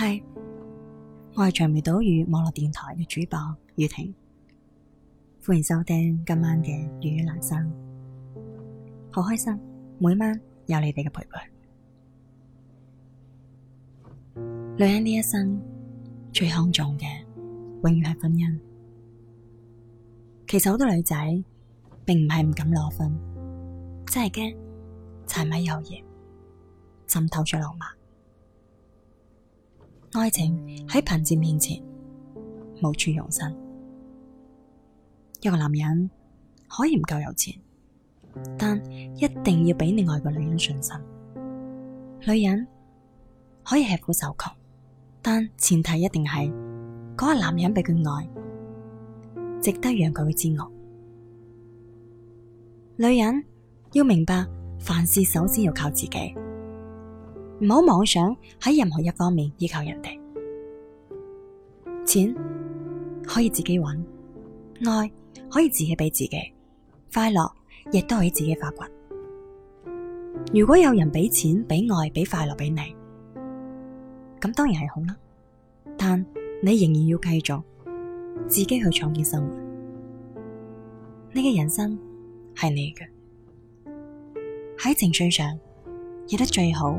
係，我係長尾島嶼網絡電台嘅主播宇婷，歡迎收聽今晚嘅雨雨男生。好開心每晚有你哋嘅陪伴。女人呢一生最看重嘅，永遠係婚姻。其實好多女仔並唔係唔敢裸婚，真係驚柴米油鹽浸透咗浪漫。愛情喺貧賤面前無處容身。一個男人，可以唔夠有錢，但一定要俾你愛個女人信心。女人可以吃苦受窮，但前提一定係嗰、那個男人俾佢愛，值得讓佢去煎熬。女人要明白，凡事首先要靠自己。唔好妄想喺任何一方面依靠人哋，錢可以自己揾，愛可以自己俾自己，快樂亦都可以自己發掘。如果有人俾錢、俾愛、俾快樂俾你，咁當然係好啦。但你仍然要繼續自己去創建生活，你嘅人生係你嘅。喺情緒上，演得最好。